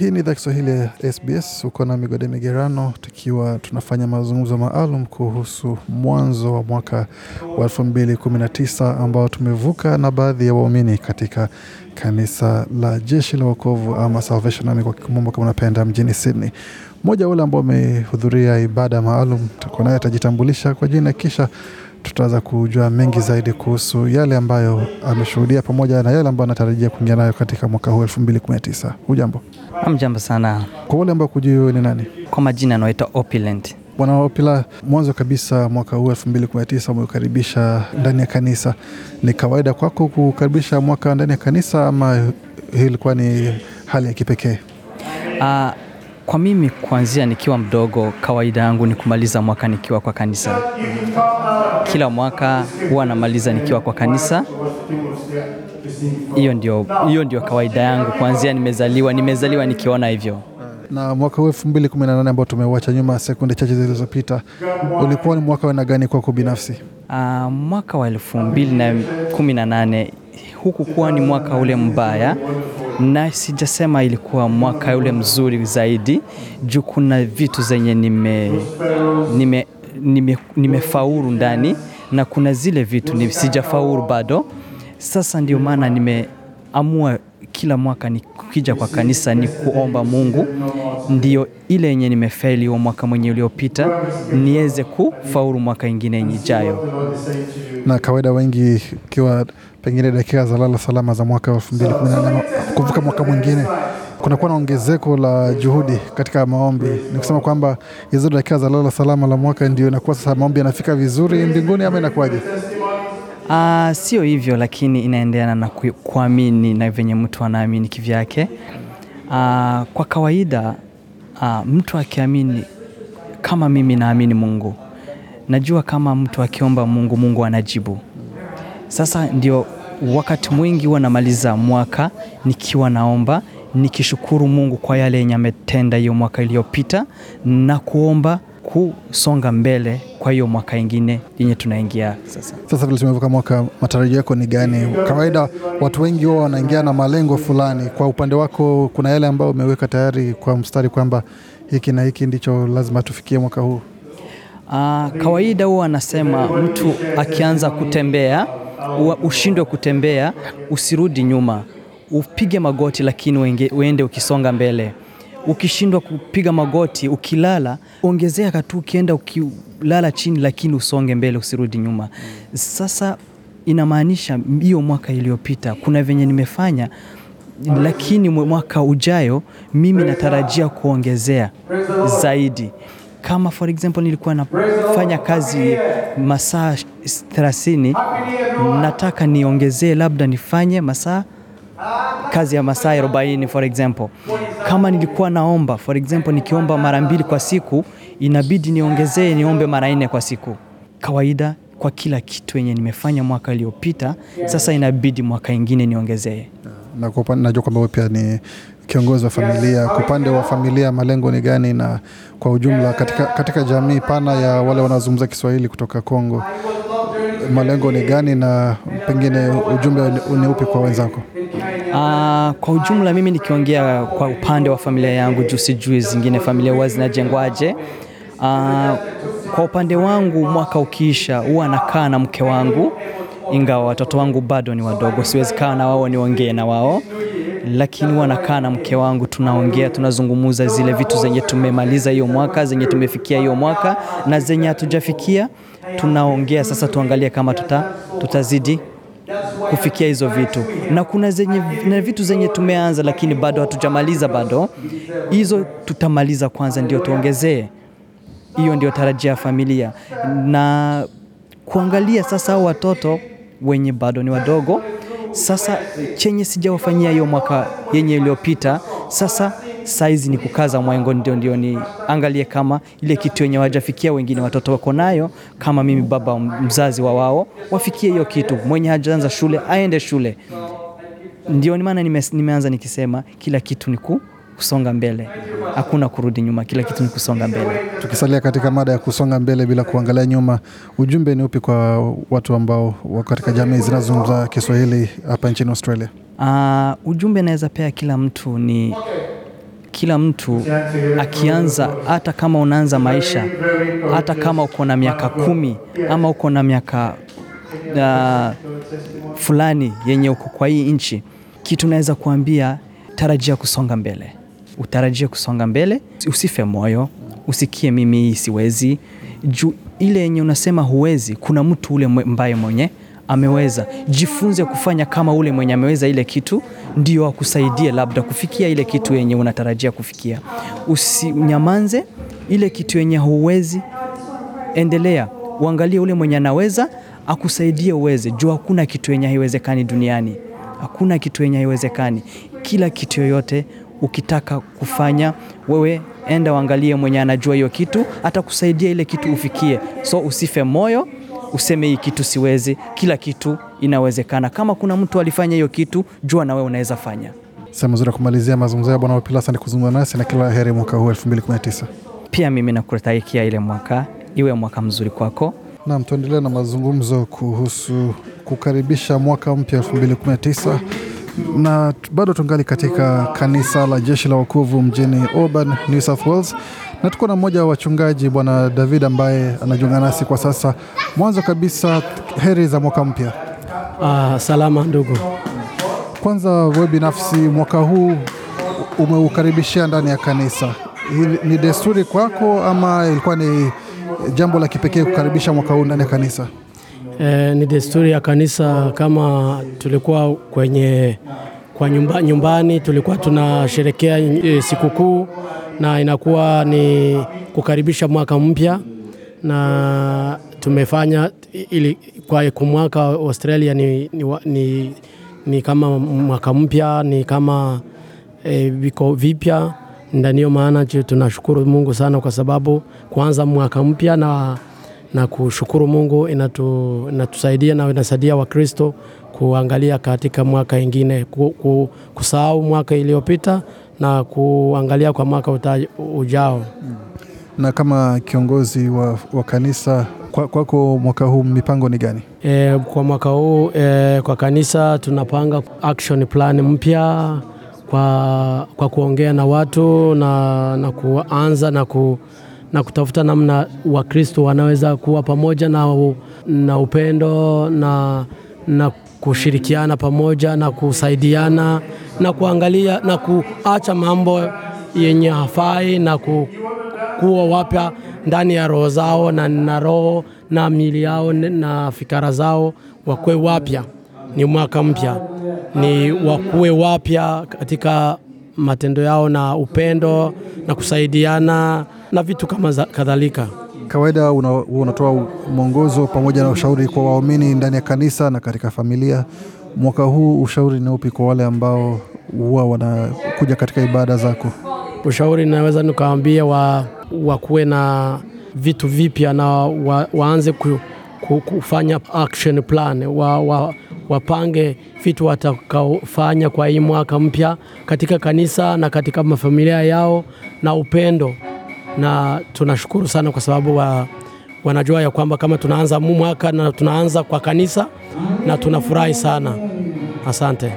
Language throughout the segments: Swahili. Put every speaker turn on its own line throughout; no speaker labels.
Hii ni idhaa Kiswahili ya SBS. Uko na Migode Migerano tukiwa tunafanya mazungumzo maalum kuhusu mwanzo wa mwaka wa e219 ambao tumevuka na baadhi ya waumini katika kanisa la jeshi la wokovu ama Salvation Army kwa kimombo kama unapenda, mjini Sydney. Mmoja wale ambao amehudhuria ibada maalum tuko naye atajitambulisha kwa jina, kisha tutaweza kujua mengi zaidi kuhusu yale ambayo ameshuhudia pamoja na yale ambayo anatarajia kuingia nayo katika mwaka huu elfu mbili kumi na tisa. Hujambo?
Hamjambo sana. Kwa wale ambao kujui wewe ni nani? Kwa majina anaoita Opulent.
Bwana Opila, mwanzo kabisa mwaka huu elfu mbili kumi na tisa ndani ya kanisa. Ni kawaida kwako kukaribisha mwaka ndani ya kanisa ama hii ilikuwa ni hali ya kipekee?
uh, kwa mimi kuanzia nikiwa mdogo, kawaida yangu ni kumaliza mwaka nikiwa kwa kanisa. Kila mwaka huwa namaliza nikiwa kwa kanisa. Hiyo ndio, hiyo ndio kawaida yangu kuanzia nimezaliwa, nimezaliwa nikiona hivyo. Na mwaka huu
2018 ambao tumeuacha nyuma sekunde chache zilizopita, ulikuwa ni mwaka wa aina gani kwako binafsi?
Uh, mwaka wa elfu mbili na kumi hukukuwa ni mwaka ule mbaya na sijasema ilikuwa mwaka ule mzuri zaidi juu kuna vitu zenye nime, nime, nime, nimefaulu ndani na kuna zile vitu ni sijafaulu bado. Sasa ndio maana nimeamua kila mwaka nikija kwa kanisa ni kuomba Mungu ndio ile yenye nimefeli huo mwaka mwenye uliopita niweze kufaulu mwaka ingine yenye ijayo.
Na kawaida wengi kiwa pengine dakika za lala salama za mwaka elfu mbili kumi na nane kuvuka mwaka mwingine kunakuwa na ongezeko la juhudi katika maombi. Ni kusema kwamba hizo dakika za lala salama la mwaka ndio inakuwa sasa maombi yanafika vizuri mbinguni,
ama inakuwaje? Uh, sio hivyo, lakini inaendeana na kuamini na venye mtu anaamini kivyake. Uh, kwa kawaida uh, mtu akiamini kama mimi naamini Mungu, najua kama mtu akiomba Mungu, Mungu anajibu sasa ndio wakati mwingi huwa namaliza mwaka nikiwa naomba, nikishukuru Mungu kwa yale yenye ametenda hiyo mwaka iliyopita na kuomba kusonga mbele kwa hiyo mwaka ingine yenye tunaingia sasa.
Sasa vile tumevuka mwaka, matarajio yako ni gani?
Kawaida watu wengi wao
wanaingia na malengo fulani. Kwa upande wako, kuna yale ambayo umeweka tayari kwa mstari kwamba
hiki na hiki ndicho lazima tufikie mwaka huu? Aa, ah, kawaida huwa anasema mtu akianza kutembea ushindwe kutembea, usirudi nyuma, upige magoti, lakini wenge, uende ukisonga mbele. Ukishindwa kupiga magoti, ukilala ongezea katu, ukienda ukilala chini, lakini usonge mbele, usirudi nyuma. Sasa inamaanisha hiyo mwaka iliyopita kuna venye nimefanya lakini mwaka ujayo mimi natarajia kuongezea zaidi. Kama for example nilikuwa nafanya kazi masaa 30, nataka niongezee labda nifanye masaa kazi ya masaa 40 for example. Kama nilikuwa naomba for example, nikiomba mara mbili kwa siku, inabidi niongezee niombe mara nne kwa siku kawaida kwa kila kitu yenye nimefanya mwaka iliyopita, sasa inabidi mwaka ingine niongezee. Najua kwamba pia ni kiongozi wa familia, kwa upande wa familia malengo ni gani,
na kwa ujumla katika, katika jamii pana ya wale wanaozungumza Kiswahili kutoka Kongo malengo ni gani, na pengine ujumbe ni upi kwa wenzako?
Uh, kwa ujumla mimi nikiongea kwa upande wa familia yangu juu sijui zingine familia huwa zinajengwaje. Uh, kwa upande wangu mwaka ukiisha huwa nakaa na mke wangu, ingawa watoto wangu bado ni wadogo, siwezi kaa na wao niongee na wao lakini wanakaa na mke wangu, tunaongea, tunazungumuza zile vitu zenye tumemaliza hiyo mwaka, zenye tumefikia hiyo mwaka na zenye hatujafikia, tunaongea sasa, tuangalie kama tuta, tutazidi kufikia hizo vitu na kuna zenye, na vitu zenye tumeanza lakini bado hatujamaliza bado, hizo tutamaliza kwanza ndio tuongezee. Hiyo ndio tarajia ya familia, na kuangalia sasa watoto wenye bado ni wadogo sasa chenye sijawafanyia hiyo mwaka yenye iliyopita, sasa saizi ni kukaza mwengo, ndio ndio ni angalie kama ile kitu yenye wajafikia wengine watoto wako nayo, kama mimi baba mzazi wa wao, wafikie hiyo kitu. Mwenye hajaanza shule aende shule. Ndio maana nime, nimeanza nikisema kila kitu ni kuu kusonga mbele, hakuna kurudi nyuma, kila kitu ni kusonga mbele. Tukisalia katika mada ya kusonga mbele bila kuangalia nyuma, ujumbe ni upi
kwa watu ambao wako katika jamii zinazozungumza Kiswahili hapa nchini Australia?
Uh, ujumbe naweza pea kila mtu ni kila mtu akianza, hata kama unaanza maisha, hata kama uko na miaka kumi ama uko na miaka uh, fulani yenye uko kwa hii nchi, kitu naweza kuambia, tarajia kusonga mbele utarajie kusonga mbele, usife moyo, usikie mimi siwezi juu ile yenye unasema huwezi, kuna mtu ule mbaye mwenye ameweza. Jifunze kufanya kama ule mwenye ameweza ile kitu, ndio akusaidie labda kufikia ile kitu yenye unatarajia kufikia. Usinyamanze ile kitu yenye huwezi, endelea, uangalie ule mwenye anaweza akusaidie uweze. Juu hakuna kitu yenye haiwezekani duniani, hakuna kitu yenye haiwezekani. Kila kitu yoyote ukitaka kufanya wewe, enda uangalie mwenye anajua hiyo kitu, atakusaidia ile kitu ufikie. So usife moyo, useme hii kitu siwezi. Kila kitu inawezekana. Kama kuna mtu alifanya hiyo kitu, jua na wewe unaweza fanya.
Sehemu nzuri ya kumalizia mazungumzo ya Bwana Wapilasa asante kuzungumza nasi, na kila heri mwaka huu 2019.
Pia mimi nakutaikia ile mwaka iwe mwaka mzuri kwako. Nam, tuendelee na
mazungumzo kuhusu kukaribisha mwaka mpya 2019 na bado tungali katika kanisa la jeshi la wakovu mjini Auburn, New South Wales, na tuko na mmoja wa wachungaji Bwana David ambaye anajiunga nasi kwa sasa. Mwanzo kabisa, heri za mwaka mpya. Uh, salama ndugu. Kwanza wewe binafsi, mwaka huu umeukaribishia ndani ya kanisa, ni
desturi kwako ama ilikuwa ni jambo la kipekee kukaribisha mwaka huu ndani ya kanisa? E, ni desturi ya kanisa. Kama tulikuwa kwenye kwa nyumba, nyumbani tulikuwa tunasherekea e, sikukuu na inakuwa ni kukaribisha mwaka mpya, na tumefanya ili kwa mwaka Australia ni, ni, ni, ni kama mwaka mpya ni kama e, viko vipya, ndaniyo maana tunashukuru Mungu sana kwa sababu kuanza mwaka mpya na na kushukuru Mungu inatu, inatusaidia na inasaidia Wakristo kuangalia katika mwaka ingine ku, ku, kusahau mwaka iliyopita na kuangalia kwa mwaka uta, ujao. Na
kama kiongozi wa, wa kanisa kwako kwa mwaka huu mipango ni gani?
E, kwa mwaka huu e, kwa kanisa tunapanga action plan mpya kwa, kwa kuongea na watu na, na kuanza na ku na kutafuta namna Wakristo wanaweza kuwa pamoja na, na upendo na, na kushirikiana pamoja na kusaidiana na kuangalia na kuacha mambo yenye hafai na kuwa wapya ndani ya roho zao na, na roho na miili yao na fikara zao wakuwe wapya. Ni mwaka mpya, ni wakuwe wapya katika matendo yao na upendo na kusaidiana na vitu kama kadhalika.
Kawaida una, unatoa mwongozo pamoja na ushauri kwa waumini ndani ya kanisa na katika familia. Mwaka huu ushauri ni upi kwa wale ambao huwa wanakuja katika ibada zako?
Ushauri naweza nikawaambia wa, wakuwe na vitu vipya na wa, waanze ku, ku, kufanya action plan wa, wa, wapange vitu watakaofanya kwa hii mwaka mpya katika kanisa na katika mafamilia yao na upendo na tunashukuru sana kwa sababu wa, wanajua ya kwamba kama tunaanza mu mwaka na tunaanza kwa kanisa na tunafurahi sana. Asante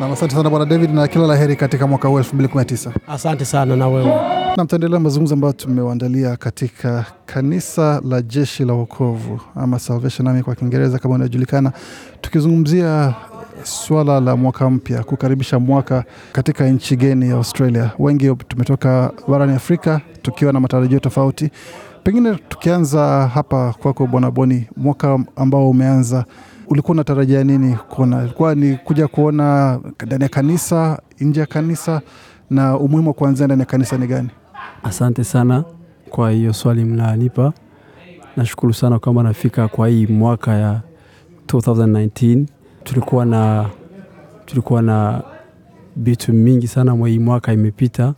na
asante sana Bwana David, na kila laheri katika mwaka huu tisa. Asante sana na wewe. Na mtaendelea mazungumzo ambayo tumewaandalia katika kanisa la Jeshi la Wokovu ama Salvation Army kwa Kiingereza kama unaojulikana tukizungumzia swala la mwaka mpya, kukaribisha mwaka katika nchi geni ya Australia. Wengi tumetoka barani Afrika tukiwa na matarajio tofauti. Pengine tukianza hapa kwako, Bwana Boni, mwaka ambao umeanza ulikuwa unatarajia nini kuona? Ilikuwa ni kuja kuona ndani ya kanisa, nje ya kanisa, na umuhimu wa kuanzia ndani ya kanisa ni gani?
Asante sana kwa hiyo swali mnanipa. Nashukuru sana kwamba nafika kwa hii mwaka ya 2019 Tulikuwa na, tulikuwa na vitu mingi sana mwa hii mwaka imepita.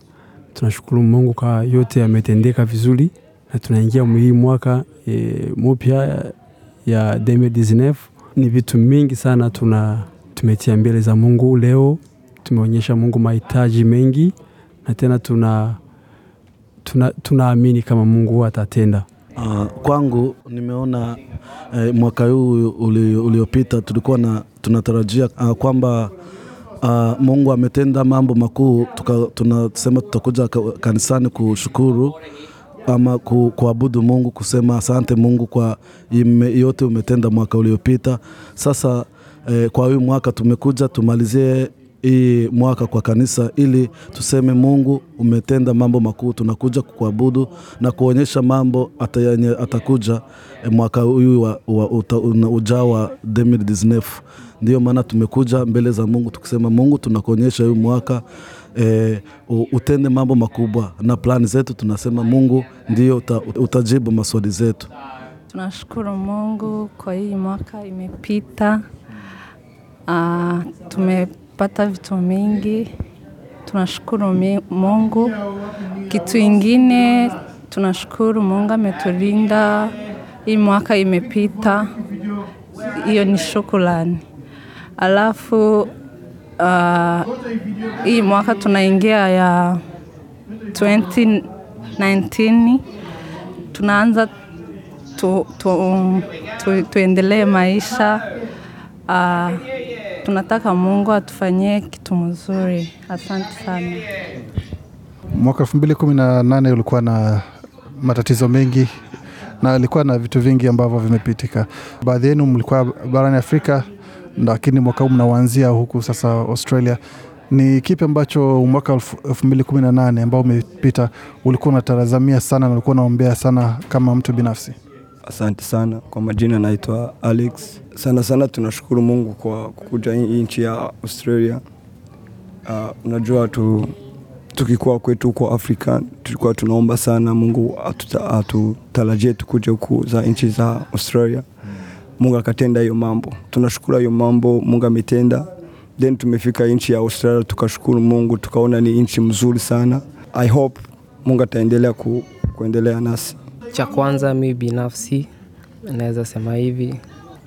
Tunashukuru Mungu kwa yote yametendeka vizuri, na tunaingia hii mwaka e, mupya ya 2019 ni vitu mingi sana tuna tumetia mbele za Mungu. Leo tumeonyesha Mungu mahitaji mengi, na tena tuna tunaamini tuna kama Mungu atatenda.
Uh, kwangu nimeona eh, mwaka huu uliopita uli tulikuwa na, tunatarajia uh, kwamba uh, Mungu ametenda mambo makuu, tunasema tutakuja kanisani kushukuru ama kuabudu Mungu, kusema asante Mungu kwa ime, yote umetenda mwaka uliopita. Sasa eh, kwa huyu mwaka tumekuja tumalizie hii mwaka kwa kanisa, ili tuseme Mungu umetenda mambo makuu, tunakuja kukuabudu na kuonyesha mambo atayanya, atakuja eh, mwaka huyu wa, wa, ujao wa 2019. Ndiyo maana tumekuja mbele za Mungu tukisema, Mungu tunakuonyesha huu mwaka E, utende mambo makubwa na plani zetu. Tunasema Mungu ndio uta, utajibu maswali zetu.
Tunashukuru Mungu kwa hii mwaka imepita. Uh, tume kupata vitu mingi. Tunashukuru Mungu. Kitu ingine tunashukuru Mungu ametulinda, hii mwaka imepita, hiyo ni shukrani. Alafu uh, hii mwaka tunaingia ya 2019 tunaanza tu, tu, tu, tuendelee maisha uh, tunataka Mungu atufanyie kitu mzuri. Asante sana.
Mwaka elfu mbili kumi na nane ulikuwa na matatizo mengi na ilikuwa na vitu vingi ambavyo vimepitika. Baadhi yenu mlikuwa barani Afrika, lakini mwaka huu mnaanzia huku sasa Australia. Ni kipi ambacho mwaka elfu mbili kumi na nane ambao umepita ulikuwa unatarazamia sana na ulikuwa unaombea sana kama mtu binafsi?
Asante sana kwa majina, naitwa Alex. Sana sana tunashukuru Mungu kwa kukuja hii nchi ya Australia. Uh, unajua tu, tukikuwa kwetu huko Afrika tulikuwa tunaomba sana Mungu atutarajie tukuje huku za nchi za Australia. Mungu akatenda hiyo mambo, tunashukuru hiyo mambo Mungu ametenda, then tumefika nchi ya Australia tukashukuru Mungu, tukaona ni nchi mzuri sana. I hope Mungu ataendelea
ku, kuendelea nasi. Cha kwanza mi binafsi naweza sema hivi,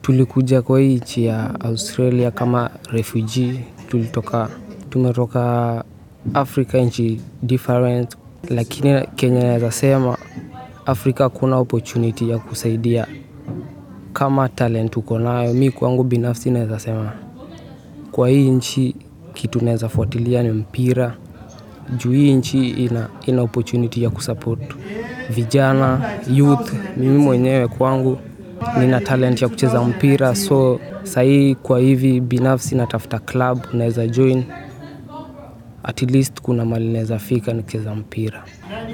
tulikuja kwa hii nchi ya Australia kama refugee, tulitoka tumetoka Afrika nchi different, lakini Kenya naweza sema Afrika kuna opportunity ya kusaidia kama talent uko nayo. Mi kwangu binafsi naweza sema kwa hii nchi kitu naweza fuatilia ni mpira juu hii nchi ina, ina opportunity ya kusupport vijana youth. Mimi mwenyewe kwangu nina talent ya kucheza mpira, so sahii kwa hivi binafsi natafuta club naweza join at least kuna mali naweza fika nikicheza mpira.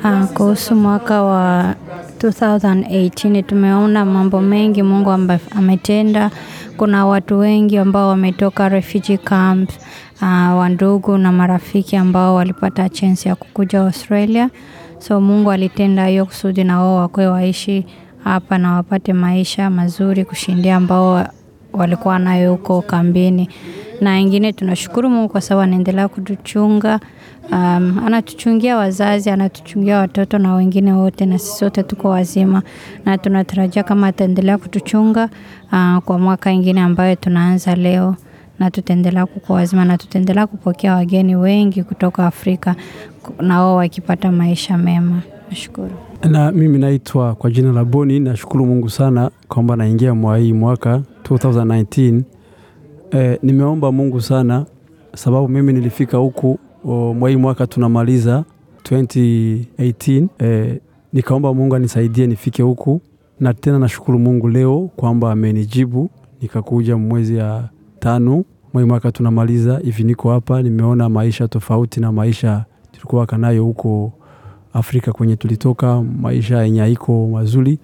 Ah, kuhusu mwaka wa 2018 tumeona mambo mengi Mungu ametenda. Kuna watu wengi ambao wametoka refugee camp uh, ah, wandugu na marafiki ambao walipata chance ya kukuja Australia So Mungu alitenda hiyo kusudi na wao wakwe waishi hapa na wapate maisha mazuri kushindia ambao walikuwa nayo huko kambini. Na ingine tunashukuru Mungu kwa sababu anaendelea kutuchunga. Um, anatuchungia wazazi, anatuchungia watoto na wengine wote, na sisi wote tuko wazima, na tunatarajia kama ataendelea kutuchunga uh, kwa mwaka ingine ambayo tunaanza leo na tutaendelea kukuwa wazima na tutaendelea kupokea wageni wengi kutoka Afrika na wao wakipata maisha mema. Nashukuru.
Na mimi naitwa kwa jina la Boni. Nashukuru Mungu sana kwamba naingia mwa hii mwaka 2019. E, eh, nimeomba Mungu sana sababu mimi nilifika huku mwa hii mwaka tunamaliza 2018. E, eh, nikaomba Mungu anisaidie nifike huku, na tena nashukuru Mungu leo kwamba amenijibu nikakuja mwezi ya tano mwe mwaka tunamaliza hivi, niko hapa, nimeona maisha tofauti na maisha tulikuwa kanayo huko Afrika kwenye tulitoka, maisha yenye haiko mazuri.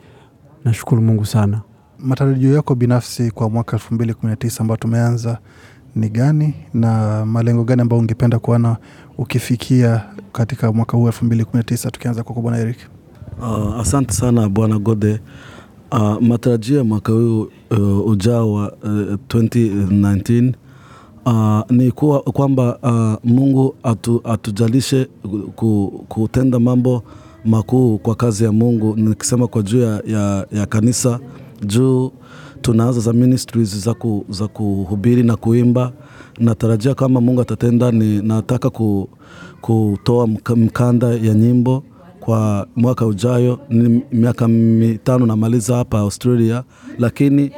Nashukuru Mungu sana. Matarajio yako binafsi kwa mwaka elfu mbili kumi na tisa ambao tumeanza ni gani na malengo gani
ambayo ungependa kuona ukifikia katika mwaka huu elfu mbili kumi na tisa tukianza kwako bwana Eric?
Uh, asante sana bwana Gode. Uh, matarajio ya mwaka huu uh, ujao wa uh, eh, 2019 Uh, ni kuwa kwamba uh, Mungu atu, atujalishe ku, kutenda mambo makuu kwa kazi ya Mungu, nikisema kwa juu ya, ya, ya kanisa juu tunaanza za ministries za, ku, za kuhubiri na kuimba. Natarajia kama Mungu atatenda, ni nataka ku, kutoa mkanda ya nyimbo kwa mwaka ujayo. Ni miaka mitano namaliza hapa Australia, lakini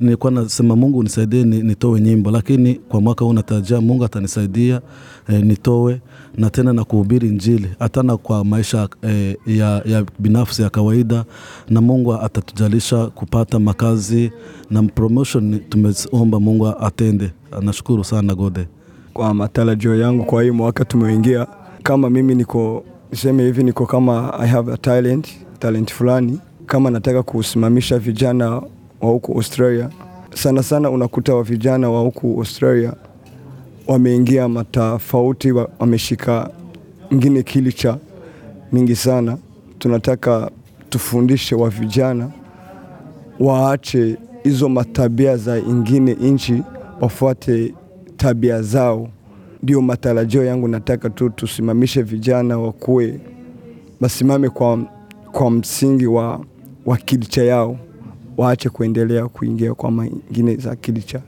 nilikuwa nasema Mungu nisaidie nitoe nyimbo, lakini kwa mwaka huu natarajia Mungu atanisaidia eh, nitoe na tena na kuhubiri Injili hata na kwa maisha eh, ya, ya binafsi ya kawaida, na Mungu atatujalisha kupata makazi na
promotion. Tumeomba Mungu atende. Nashukuru sana Gode kwa matarajio yangu kwa hii mwaka tumeingia. Kama mimi niko niseme hivi, niko kama I have a talent, talent fulani kama nataka kusimamisha vijana wa huku Australia. Sana sana unakuta wa vijana wa huku Australia wameingia matofauti, wameshika ngine kilicha mingi sana. Tunataka tufundishe wa vijana waache hizo matabia za ingine nchi, wafuate tabia zao. Ndio matarajio yangu, nataka tu tusimamishe vijana wakuwe, basimame kwa, kwa msingi wa, wa kilicha yao waache kuendelea kuingia kwa mangine za kilicha.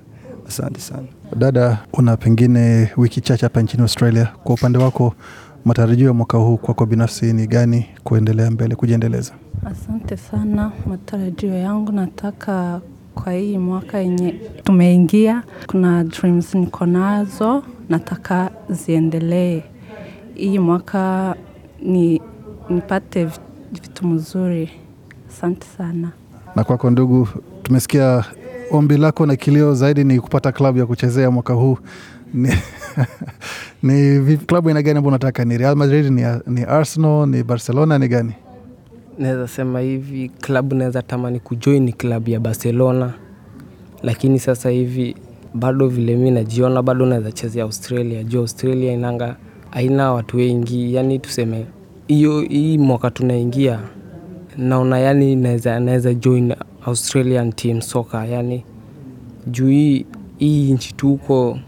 Asante sana
dada. Una pengine wiki chache hapa nchini Australia, kwa upande wako matarajio ya mwaka huu kwako binafsi ni gani, kuendelea
mbele, kujiendeleza? Asante sana. Matarajio yangu nataka kwa hii mwaka yenye tumeingia, kuna dreams niko nazo, nataka ziendelee hii mwaka, ni nipate vitu mzuri. Asante sana.
Na kwako ndugu, tumesikia ombi lako na kilio zaidi ni kupata klabu ya kuchezea mwaka huu ni, ni klabu ina gani ambao unataka? Ni Real Madrid, ni, ni Arsenal, ni Barcelona, ni gani?
Naweza sema hivi klabu naweza tamani kujoin ni klabu ya Barcelona, lakini sasa hivi bado vile mi najiona bado naweza chezea Australia juu Australia inanga aina watu wengi, yani tuseme hiyo hii mwaka tunaingia naona yani naweza naweza join Australian team soccer yani juu hii hii nchi tuko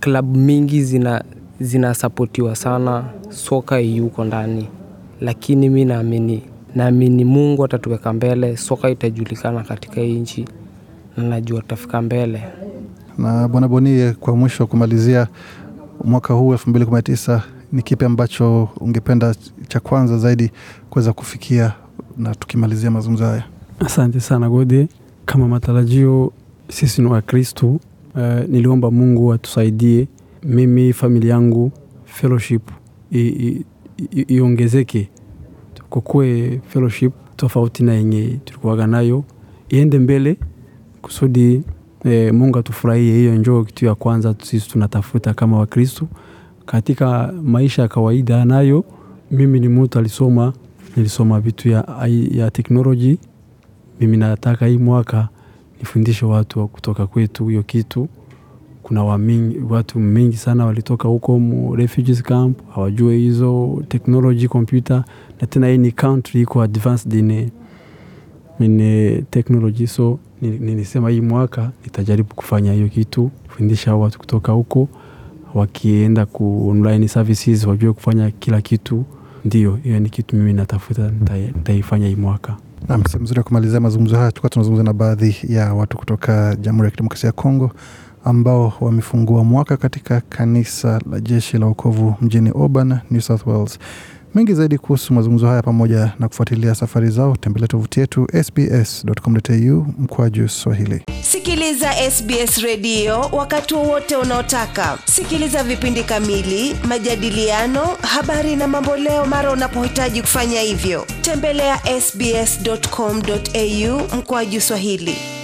klabu mingi zina zinasapotiwa sana, soka yuko ndani, lakini mi naamini naamini Mungu atatuweka mbele, soka itajulikana katika hii nchi na najua tutafika mbele.
Na bwana Boni, kwa mwisho kumalizia, mwaka huu elfu mbili kumi na tisa ni kipi ambacho ungependa cha kwanza zaidi kuweza
kufikia na tukimalizia mazungumzo haya. Asante sana Gode. Kama matarajio, sisi ni wakristu Uh, eh, niliomba Mungu atusaidie, mimi familia yangu fellowship iongezeke, kukue fellowship tofauti na yenye tulikuwaga nayo iende mbele kusudi e, Mungu atufurahie. Hiyo njoo kitu ya kwanza sisi tunatafuta kama wakristu katika maisha ya kawaida. Nayo mimi ni mtu alisoma nilisoma vitu ya, ya teknoloji. Mimi nataka hii mwaka nifundishe watu wa kutoka kwetu hiyo kitu. Kuna wa mingi, watu mingi sana walitoka huko refugees camp, hawajue hizo technology computer, na tena hii ni country iko advanced in, in technology. So nilisema hii mwaka nitajaribu kufanya hiyo kitu, fundisha watu kutoka huko, wakienda ku online services wajue kufanya kila kitu. Ndio, hiyo ni kitu mimi natafuta, nitaifanya hii mwaka. Nam,
sehe mzuri ya kumalizia mazungumzo haya. Tulikuwa tunazungumza na baadhi ya watu kutoka Jamhuri ya Kidemokrasia ya Kongo ambao wamefungua mwaka katika kanisa la Jeshi la ukovu mjini oban New South Wales. Mengi zaidi kuhusu mazungumzo haya pamoja na kufuatilia safari zao, tembelea tovuti yetu sbs.com.au mkwaju Swahili.
Sikiliza SBS redio wakati wowote unaotaka. Sikiliza vipindi kamili, majadiliano, habari na mamboleo mara unapohitaji kufanya hivyo, tembelea sbs.com.au mkwaju Swahili.